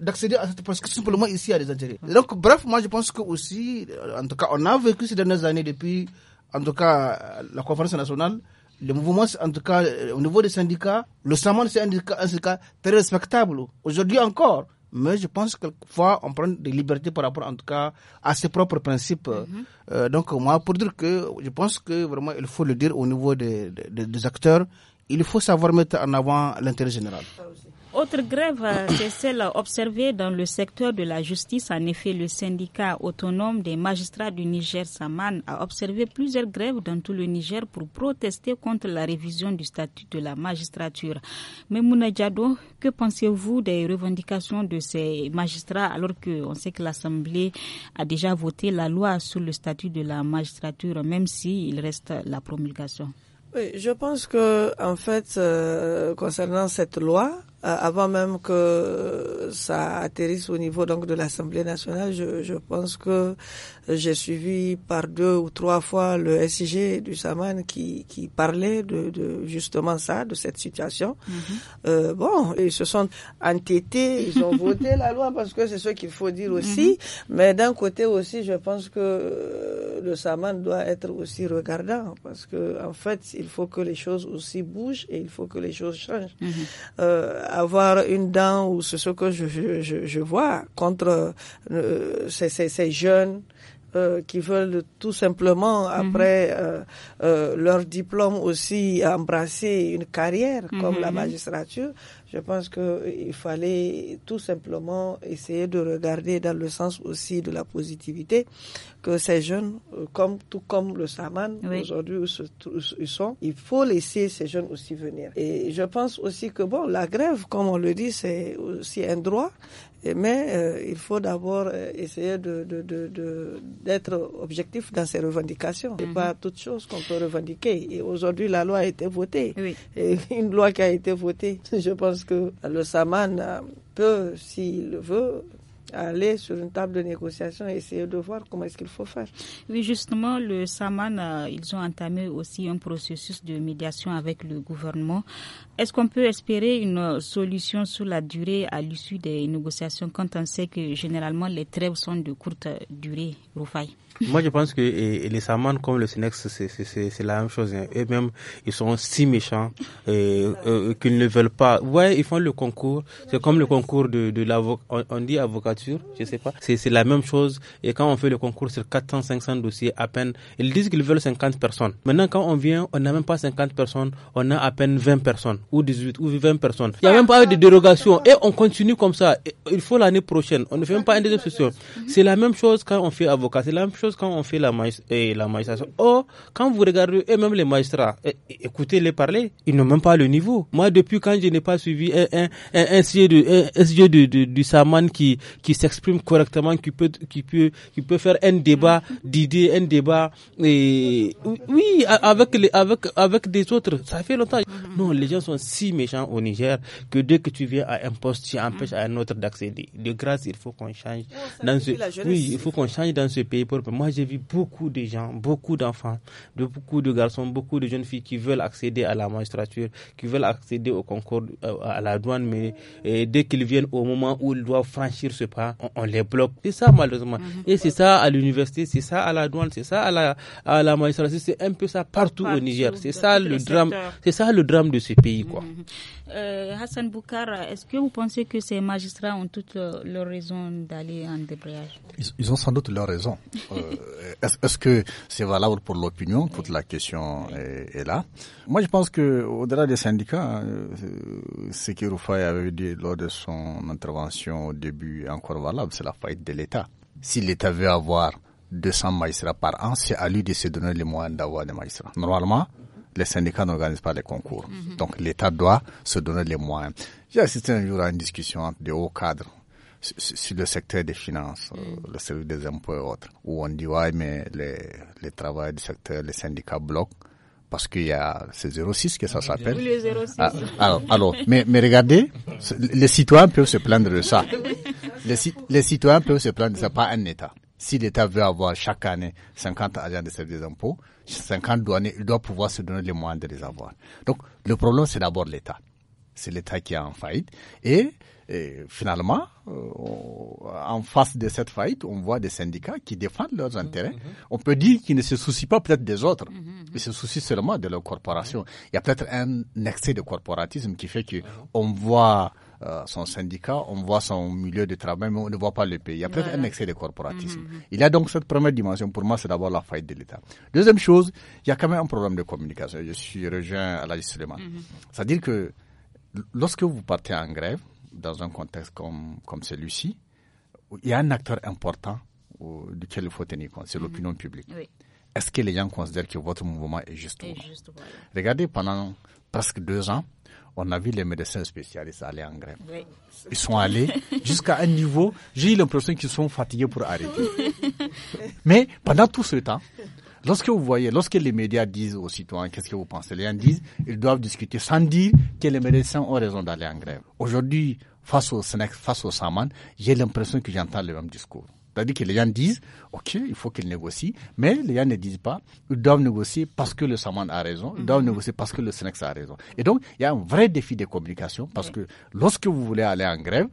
d'accéder à cette parce simplement ici à des intérêts. donc bref, moi je pense que aussi, euh, en tout cas, on a vécu ces dernières années depuis, en tout cas, euh, la conférence nationale, le mouvement, en tout cas, euh, au niveau des syndicats, le SAMAN c'est un, syndicat, très respectable. Aujourd'hui encore. Mais je pense que quelquefois, on prend des libertés par rapport, en tout cas, à ses propres principes. Mhm. donc, moi, pour dire que je pense que vraiment, il faut le dire au niveau des, des, des acteurs, il faut savoir mettre en avant l'intérêt général. Autre grève, c'est celle observée dans le secteur de la justice. En effet, le syndicat autonome des magistrats du Niger, Saman, a observé plusieurs grèves dans tout le Niger pour protester contre la révision du statut de la magistrature. Mais Mounadjado, que pensez-vous des revendications de ces magistrats alors qu'on sait que l'Assemblée a déjà voté la loi sur le statut de la magistrature, même s'il reste la promulgation? je pense que, en fait, euh, concernant cette loi, euh, avant même que ça atterrisse au niveau donc de l'Assemblée nationale, je, pense que j'ai suivi par deux ou trois fois le SIG du Saman qui, parlait de, justement ça, de cette situation. Mhm. Euh, bon, ils se sont entêtés, ils ont voté la loi parce que c'est ce qu'il faut dire mhm. aussi. Mais d'un côté aussi, je pense que euh, le Saman doit être aussi regardant parce que en fait, il faut que les choses aussi bougent et il faut que les choses changent. Mhm avoir une dent ou ce que je, je, je vois contre euh, ces, ces, jeunes euh, qui veulent tout simplement, mhm. après euh, leur diplôme aussi, embrasser une carrière comme la mhm. magistrature. Je pense qu'il euh, fallait tout simplement essayer de regarder dans le sens aussi de la positivité que ces jeunes, euh, comme tout comme le Saman, aujourd'hui où ils sont, il faut laisser ces jeunes aussi venir. Et je pense aussi que bon, la grève, comme on le dit, c'est aussi un droit, mais euh, il faut d'abord essayer de, d'être objectif dans ses revendications. n'est mm pas toute chose qu'on peut revendiquer. Et aujourd'hui, la loi a été votée. une loi qui a été votée, je pense est-ce que le Saman euh, peut, s'il veut, aller sur une table de négociation et essayer de voir comment est-ce qu'il faut faire. Oui, justement, le Saman, euh, ils ont entamé aussi un processus de médiation avec le gouvernement. Est-ce qu'on peut espérer une solution sur la durée à l'issue des négociations quand on sait que généralement les trêves sont de courte durée, Rufai. Moi, je pense que les Samans comme le Sinex, c'est la même chose. Eux-mêmes, hein. ils sont si méchants euh, euh, qu'ils ne veulent pas. Ouais, ils font le concours. C'est comme le concours de, de l'avocat. On, dit avocature, je sais pas. C'est la même chose. Et quand on fait le concours sur 400, 500 dossiers à peine, ils disent qu'ils veulent 50 personnes. Maintenant, quand on vient, on n'a même pas 50 personnes, on a à peine 20 personnes ou 18 ou 20 personnes. Il n'y a même pas de dérogation. Et on continue comme ça. il faut l'année prochaine. On ne fait même pas une deuxième session. C'est la même chose quand on fait avocat. C'est la même chose quand on fait la, magistrature. et la magistration. Or, quand vous regardez, et même les magistrats, écoutez-les parler, ils n'ont même pas le niveau. Moi, depuis quand je n'ai pas suivi un, un, de, du, du Saman qui, qui s'exprime correctement, qui peut, qui, peut, qui peut faire un débat d'idées, un débat. Et, oui, avec, les, avec, avec des autres. Ça fait longtemps. Non, les gens sont si méchants au Niger que dès que tu viens à un poste, tu empêches à un autre d'accéder. De grâce, il faut qu'on change oh, dans ce oui, il faut qu'on change dans ce pays Moi, j'ai vu beaucoup de gens, beaucoup d'enfants, de beaucoup de garçons, beaucoup de jeunes filles qui veulent accéder à la magistrature, qui veulent accéder au concours euh, à la douane, mais dès qu'ils viennent au moment où ils doivent franchir ce pas, on, les bloque. C'est ça malheureusement. Mhm. Et c'est ça à l'université, c'est ça à la douane, c'est ça à la à la magistrature, c'est un peu ça partout, partout au Niger. C'est ça le drame, c'est ça le drame de ce pays quoi. Mhm, mhm. Euh, Hassan Boukar est-ce que vous pensez que ces magistrats ont toutes euh, leurs raisons d'aller en débrayage ils, ont sans doute leurs raisons. Euh, est-ce que c'est valable pour l'opinion Toute la question est, là. Moi, je pense que au-delà des syndicats, hein, euh, ce que Rufai avait dit lors de son intervention au début est encore valable, c'est la faillite de l'État. Si l'État veut avoir 200 magistrats par an, c'est à lui de se donner les moyens d'avoir des magistrats. Normalement, les syndicats n'organisent pas les concours. Donc l'État doit se donner les moyens. J'ai assisté un jour à une discussion entre des hauts cadres sur le secteur des finances, euh, mm. le service des impôts et autres, où on dit ouais mais les, les travailleurs du secteur, les syndicats bloquent parce qu'il y a ces 06 que ça s'appelle. Ah, alors, alors, mais, regardez, les citoyens peuvent se plaindre de ça. Les, les citoyens peuvent se plaindre de ça, pas un État. Si l'État veut avoir chaque année 50 agents de service des impôts, 50 douaniers, il doit pouvoir se donner les moyens de les avoir. Donc, le problème, c'est d'abord l'État. C'est l'État qui est en faillite. Et, finalement, euh, en face de cette faillite, on voit des syndicats qui défendent leurs mhm, intérêts. Mhm. On peut dire qu'ils ne se soucient pas peut-être des autres. Mhm, Ils se soucient seulement de leur corporation. Il y a peut-être un excès de corporatisme qui fait qu'on ah voit euh, son syndicat, on voit son milieu de travail, mais on ne voit pas le pays. Il y a peut-être un excès de corporatisme. Mm-hmm, mm-hmm. Il y a donc cette première dimension, pour moi, c'est d'abord la faillite de l'État. Deuxième chose, il y a quand même un problème de communication. Je suis rejoint à la mm-hmm. C'est-à-dire que lorsque vous partez en grève, dans un contexte comme, comme celui-ci, il y a un acteur important euh, duquel il faut tenir compte, c'est l'opinion publique. Est-ce que les gens considèrent que votre mouvement est juste, juste Regardez, pendant presque deux ans, on a vu les médecins spécialistes aller en grève. Ils sont allés jusqu'à un niveau, j'ai l'impression qu'ils sont fatigués pour arrêter. Mais pendant tout ce temps, lorsque vous voyez, lorsque les médias disent aux citoyens qu'est-ce que vous pensez, les gens disent, ils doivent discuter sans dire que les médecins ont raison d'aller en grève. Aujourd'hui, face au SNEC, face au SAMAN, j'ai l'impression que j'entends le même discours. C'est-à-dire que les gens disent, OK, il faut qu'ils négocient, mais les gens ne disent pas, ils doivent négocier parce que le Saman a raison, ils doivent mhm. négocier parce que le Senex a raison. Et donc, il y a un vrai défi de communication parce que lorsque vous voulez aller en grève,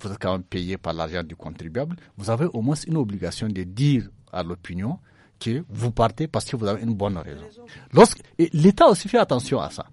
vous êtes quand même payé par l'argent du contribuable, vous avez au moins une obligation de dire à l'opinion que vous partez parce que vous avez une bonne raison. Lorsque, l'État aussi fait attention à ça.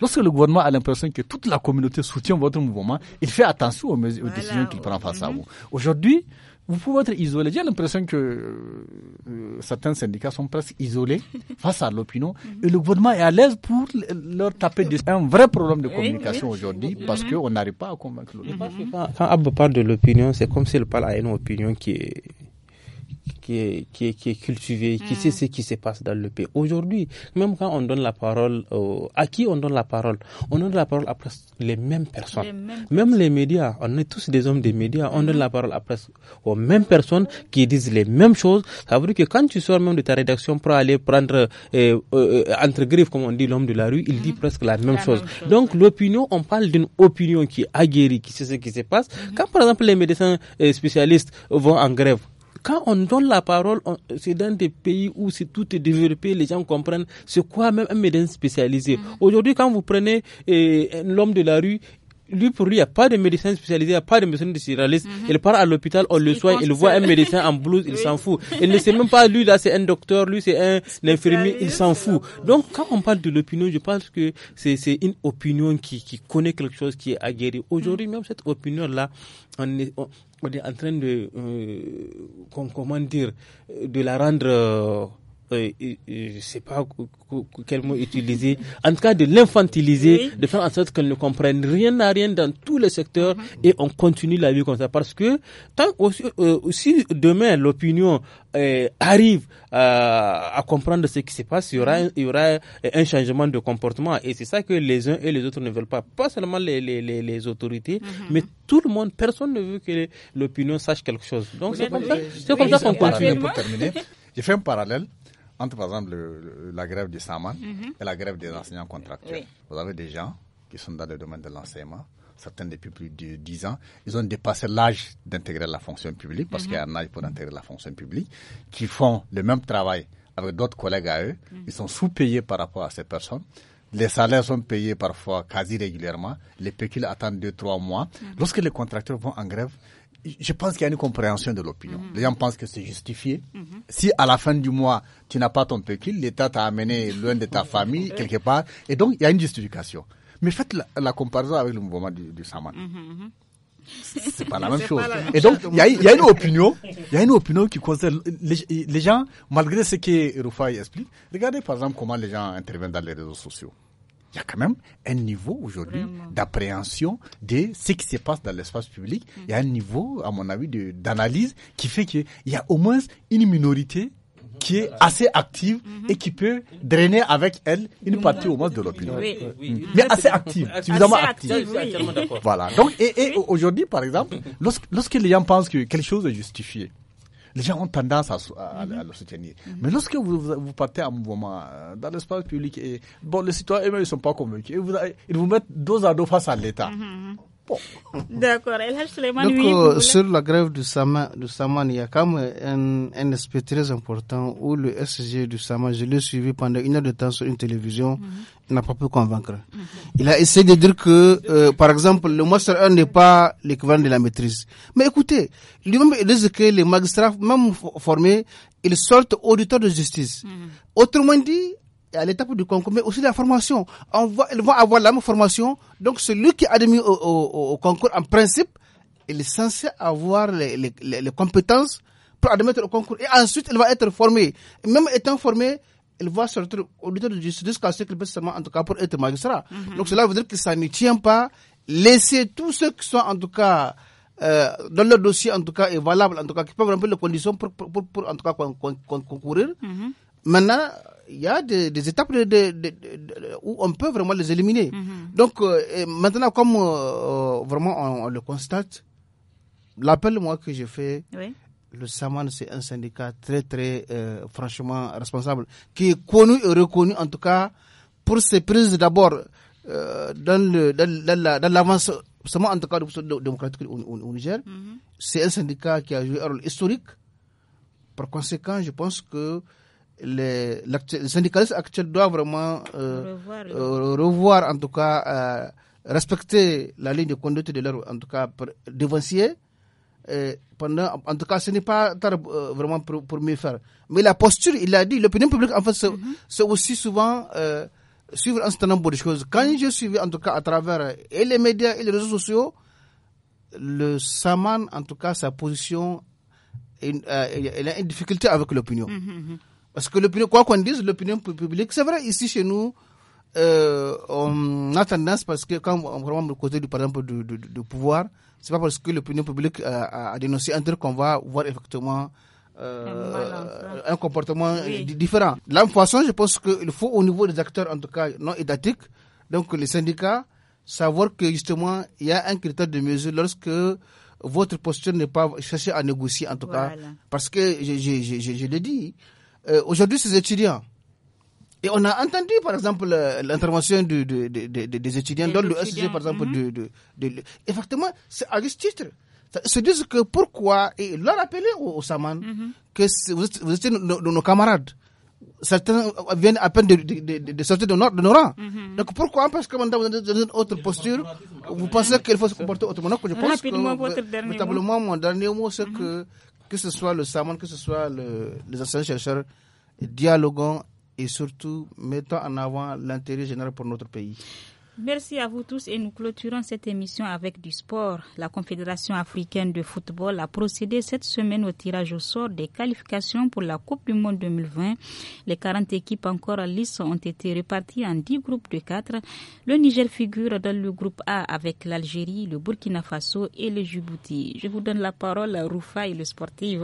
Lorsque le gouvernement a l'impression que toute la communauté soutient votre mouvement, il fait attention aux, décisions qu'il prend face à mhm. vous. Aujourd'hui, vous pouvez être isolé. J'ai l'impression que euh, certains syndicats sont presque isolés face à l'opinion et le gouvernement est à l'aise pour leur taper dessus. un vrai problème de communication aujourd'hui mm-hmm. parce qu'on n'arrive pas à convaincre l'autre. Quand Abbe parle de l'opinion, c'est comme s'il parle à une opinion qui est qui est, qui cultivé, qui sait mm. ce qui se passe dans le pays. Aujourd'hui, même quand on donne la parole, euh, à qui on donne la parole On donne la parole à presque les mêmes personnes. même les médias, on est tous des hommes des médias, on donne mm-hmm. la parole à presque aux mêmes personnes qui disent les mêmes choses. Ça veut dire que quand tu sors même de ta rédaction pour aller prendre euh, euh, entre griffes, comme on dit l'homme de la rue, il dit mm-hmm. presque la même, chose. Donc l'opinion, on parle d'une opinion qui est aguerrie, qui sait ce qui se passe. Mm-hmm. Quand par exemple les médecins spécialistes vont en grève, quand on donne la parole, c'est dans des pays où c'est tout est développé, les gens comprennent ce quoi même un médecin spécialisé. Mhm. Aujourd'hui, quand vous prenez l'homme eh, de la rue, lui, pour lui, il n'y a pas de médecin spécialisé, il n'y a pas de médecin de généraliste. Mhm. Il part à l'hôpital, on le soigne, il voit un médecin en blouse, il s'en fout. Il ne sait même pas, lui, là, c'est un docteur, lui, c'est un infirmier, il s'en fout. Donc, quand on parle de l'opinion, je pense que c'est une opinion qui, qui connaît quelque chose qui est aguerri. Aujourd'hui, mhm. même cette opinion-là, on, est on est en train de, euh, comment dire, de la rendre euh, euh, je ne sais pas quel mot utiliser, en tout cas de l'infantiliser, de faire en sorte qu'elle ne comprenne rien à rien dans tous les secteurs mhm. et on continue la vie comme ça. Parce que tant aussi, euh, si demain l'opinion euh, arrive à, comprendre ce qui se passe, mhm. il y aura, un, changement de comportement. Et c'est ça que les uns et les autres ne veulent pas. Pas seulement les, autorités, mhm. mais tout le monde, personne ne veut que l'opinion sache quelque chose. Donc c'est comme, ça, ça qu'on continue. Pour terminer, j'ai fait un parallèle entre par exemple la grève du SAMAN mhm. et la grève des enseignants contractuels. Vous avez des gens qui sont dans le domaine de l'enseignement, certains depuis plus de 10 ans, ils ont dépassé l'âge d'intégrer la fonction publique, parce qu'il y a mhm. un âge pour intégrer la fonction publique, qui font le même travail avec d'autres collègues à eux, mhm. ils sont sous-payés par rapport à ces personnes. Les salaires sont payés parfois quasi régulièrement. Les pécules attendent 2-3 mois. Lorsque les contractuels vont en grève, je pense qu'il y a une compréhension de l'opinion. Mhm. Les gens pensent que c'est justifié. Mhm. Si à la fin du mois, tu n'as pas ton pécule, l'État t'a amené loin de ta famille, quelque part. Et donc, il y a une justification. Mais faites la, comparaison avec le mouvement du, Saman. Mhm, c'est pas la même chose. et donc, il y, a une opinion, il y a une opinion qui concerne les, gens, malgré ce que Rufai explique. Regardez par exemple comment les gens interviennent dans les réseaux sociaux il y a quand même un niveau aujourd'hui d'appréhension de ce qui se passe dans l'espace public. Il y a un niveau, à mon avis, d'analyse qui fait qu'il y a au moins une minorité qui est assez active mhm. et qui peut drainer avec elle une mhm. partie au moins de l'opinion. Mhm. Mais assez active, suffisamment active. Voilà. Donc, et, aujourd'hui, par exemple, lorsque les gens pensent que quelque chose est justifié, les gens ont tendance à, mhm. à, le soutenir. Mhm. Mais lorsque vous, vous partez en mouvement euh, dans l'espace public, et, bon, les citoyens eux-mêmes ne sont pas convaincus. ils vous mettent dos à dos face à l'État. Mhm, D'accord. Donc, sur la grève du Saman, il y a quand même un, aspect très important où le SG du Saman, je l'ai suivi pendant une heure de temps sur une télévision, mhm. il n'a pas pu convaincre. Mhm. Il a essayé de dire que, euh, par exemple, le master 1 n'est pas l'équivalent de la maîtrise. Mais écoutez, lui-même, il dit que les magistrats, même formés, ils sortent auditeurs de justice. Mhm. Autrement dit, à l'étape du concours, mais aussi la formation. On va, vont avoir la même formation. Donc, celui qui est admis au, concours, en principe, il est censé avoir les, compétences pour admettre au concours. Et ensuite, il va être formé. même étant formé, il va se retrouver auditeur de justice jusqu'à ce qu'il peut seulement, en tout cas, pour être magistrat. Mhm. Donc, cela veut dire que ça ne tient pas. Laisser tous ceux qui sont, en tout cas, euh, dans leur dossier, en tout cas, est valable, en tout cas, qui peuvent remplir les conditions pour, en tout cas, concourir. Mhm. Maintenant, il y a des, étapes où on peut vraiment les éliminer. Mhm. Donc, euh, maintenant, comme euh, euh, vraiment on, le constate, l'appel moi que j'ai fait, le Saman, c'est un syndicat très, très franchement responsable, qui est connu et reconnu en tout cas pour ses prises d'abord dans le l'avance. en tout cas démocratique au, Niger, mhm. c'est un syndicat qui a joué un rôle historique. Par conséquent, je pense que les, syndicalistes actuels doivent vraiment euh, euh, revoir, en tout cas, euh, respecter la ligne de conduite de leur, en tout cas, devancier pendant, en tout cas, ce n'est pas tard, vraiment pour, pour, mieux faire. Mais la posture, il a dit, l'opinion publique, en fait, c'est mm-hmm. aussi souvent suivre un certain nombre de choses. Quand je suivi, en tout cas, à travers et les médias et les réseaux sociaux, le Saman, en tout cas, sa position, il, a une difficulté avec l'opinion. Mm-hmm, mm-hmm. Parce que l'opinion, quoi qu'on dise, l'opinion publique, c'est vrai, ici chez nous, euh, on a tendance, parce que quand on prend le côté du, par exemple, du, pouvoir, ce pouvoir, c'est pas parce que l'opinion publique a, dénoncé un truc qu'on va voir effectivement euh, un comportement euh, différent. De la même façon, je pense qu'il faut au niveau des acteurs, en tout cas non étatiques, donc les syndicats, savoir que justement, il y a un critère de mesure lorsque votre posture n'est pas cherchée à négocier, en tout cas. Parce que, je, je, dit... Euh, aujourd'hui ces étudiants. Et on a entendu, par exemple, l'intervention des étudiants dans le SG, par exemple. Mhm. effectivement, c'est à juste titre. Ils se disent que pourquoi, et leur appeler au, Saman, mhm. que vous, êtes étiez, nos, camarades. Certains viennent à peine de, sortir de nos, de rangs. Mhm. Donc pourquoi Parce que maintenant vous êtes dans une autre posture, vous pensez qu'il faut se comporter autrement. je pense votre mon dernier mot, c'est que que ce soit le SAMON, que ce soit les anciens chercheurs dialoguons et surtout mettons en avant l'intérêt général pour notre pays. Merci à vous tous et nous clôturons cette émission avec du sport. La Confédération africaine de football a procédé cette semaine au tirage au sort des qualifications pour la Coupe du Monde 2020. Les 40 équipes encore en lice ont été réparties en 10 groupes de 4. Le Niger figure dans le groupe A avec l'Algérie, le Burkina Faso et le Djibouti. Je vous donne la parole à Roufa le sportif.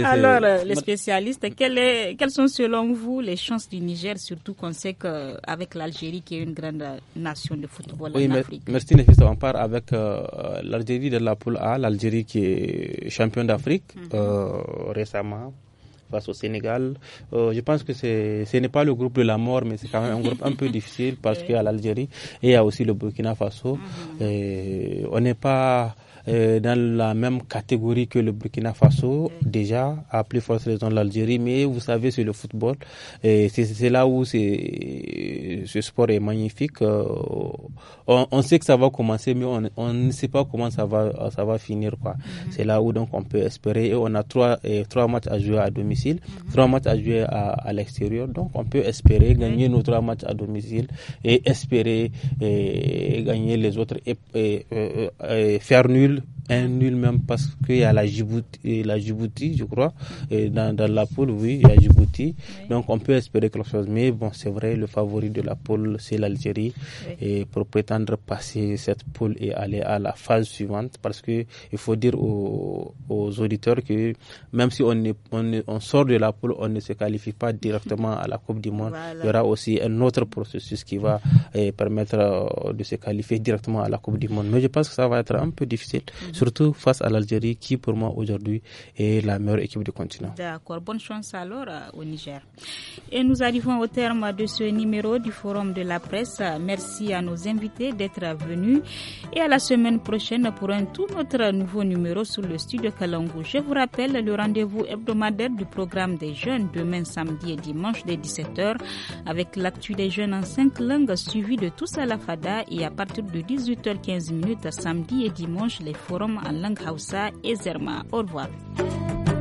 Alors, les spécialistes, quelles, quelles sont selon vous les chances du Niger, surtout qu'on sait qu'avec l'Algérie qui est une grande nation de football en Afrique. Merci Nefissa, on part avec euh, l'Algérie de la poule A, l'Algérie qui est champion d'Afrique mhm. euh, récemment face au Sénégal. Euh, je pense que ce n'est pas le groupe de la mort, mais c'est quand même un groupe un peu difficile parce qu'il y a l'Algérie et il y a aussi le Burkina Faso. Mhm. et on n'est pas euh, dans la même catégorie que le Burkina Faso, déjà, à plus forte raison l'Algérie, mais vous savez, c'est le football. c'est là où ce sport est magnifique. Euh, on, sait que ça va commencer, mais on, ne sait pas comment ça va, ça va finir. quoi. Mhm. C'est là où donc on peut espérer. on a trois, matchs à jouer à domicile, mhm. trois matchs à jouer à, l'extérieur. Donc on peut espérer gagner nos trois matchs à domicile et espérer gagner les autres et faire nul un nul même parce qu'il y a la Djibouti, la Djibouti je crois, et dans, dans, la poule, oui, il y a Djibouti. Donc on peut espérer quelque chose. Mais bon, c'est vrai, le favori de la poule, c'est l'Algérie. Et pour prétendre passer cette poule et aller à la phase suivante, parce que il faut dire aux, auditeurs que même si on, est, on, sort de la poule, on ne se qualifie pas directement à la Coupe du Monde. Il y aura aussi un autre processus qui va eh, permettre euh, de se qualifier directement à la Coupe du Monde. Mais je pense que ça va être un peu difficile. Mhm surtout face à l'Algérie qui pour moi aujourd'hui est la meilleure équipe du continent. D'accord, bonne chance alors euh, au Niger. Et nous arrivons au terme de ce numéro du Forum de la presse. Merci à nos invités d'être venus et à la semaine prochaine pour un tout autre nouveau numéro sur le studio Kalangou. Je vous rappelle le rendez-vous hebdomadaire du programme des jeunes demain samedi et dimanche dès 17h avec l'actu des jeunes en cinq langues suivi de tous à la FADA et à partir de 18h15 samedi et dimanche les forums sauran mu a lang Hausa, Ezerma, Au